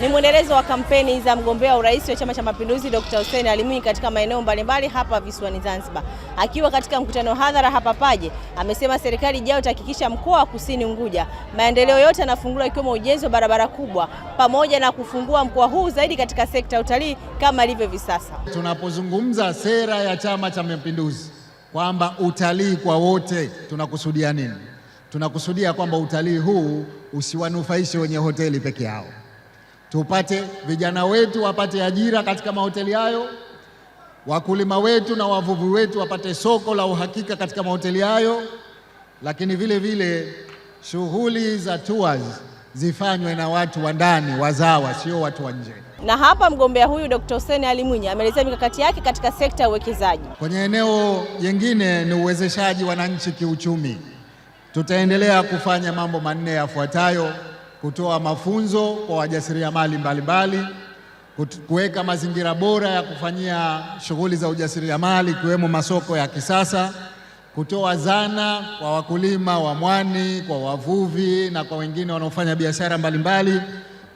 Ni mwendelezo wa kampeni za mgombea wa urais wa Chama cha Mapinduzi Dr. Hussein Ali Mwinyi katika maeneo mbalimbali hapa visiwani Zanzibar. Akiwa katika mkutano hadhara hapa Paje, amesema serikali ijayo itahakikisha mkoa wa Kusini Unguja maendeleo yote yanafunguliwa ikiwemo ujenzi wa barabara kubwa pamoja na kufungua mkoa huu zaidi katika sekta ya utalii kama ilivyo hivi sasa. Tunapozungumza sera ya Chama cha Mapinduzi kwamba utalii kwa wote tunakusudia nini? tunakusudia kwamba utalii huu usiwanufaishe wenye hoteli peke yao, tupate vijana wetu wapate ajira katika mahoteli hayo, wakulima wetu na wavuvi wetu wapate soko la uhakika katika mahoteli hayo, lakini vile vile shughuli za tours zifanywe na watu wa ndani wazawa, sio watu wa nje. Na hapa mgombea huyu Dr. Hussein Ali Mwinyi ameelezea mikakati yake katika sekta ya uwekezaji. Kwenye eneo jingine ni uwezeshaji wananchi kiuchumi. Tutaendelea kufanya mambo manne yafuatayo: kutoa mafunzo kwa wajasiriamali mbalimbali, kuweka mazingira bora ya kufanyia shughuli za ujasiriamali ikiwemo masoko ya kisasa, kutoa zana kwa wakulima wa mwani, kwa wavuvi na kwa wengine wanaofanya biashara mbalimbali.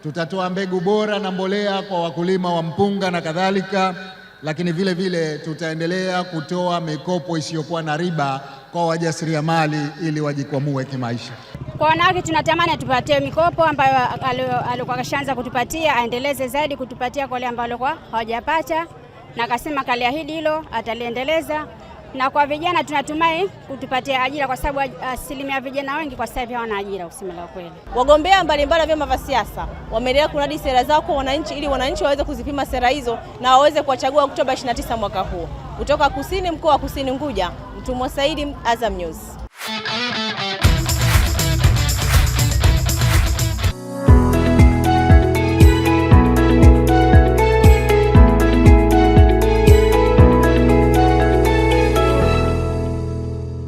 Tutatoa mbegu bora na mbolea kwa wakulima wa mpunga na kadhalika, lakini vile vile tutaendelea kutoa mikopo isiyokuwa na riba kwa wajasiriamali ili wajikwamue kimaisha. Kwa wanawake tunatamani atupatie mikopo ambayo alikuwa kashaanza kutupatia, aendeleze zaidi kutupatia kwa wale ambao walikuwa hawajapata, na akasema kaliahidi hilo ataliendeleza. Na kwa vijana tunatumai kutupatia ajira, kwa sababu asilimia vijana wengi kwa sasa hivi hawana ajira. Kusema la kweli, wagombea mbalimbali wa vyama vya siasa wameendelea kunadi sera zao kwa wananchi, ili wananchi waweze kuzipima sera hizo na waweze kuwachagua Oktoba 29 mwaka huu. Kutoka kusini mkoa wa Kusini Nguja, Mtumwa Saidi, Azam News.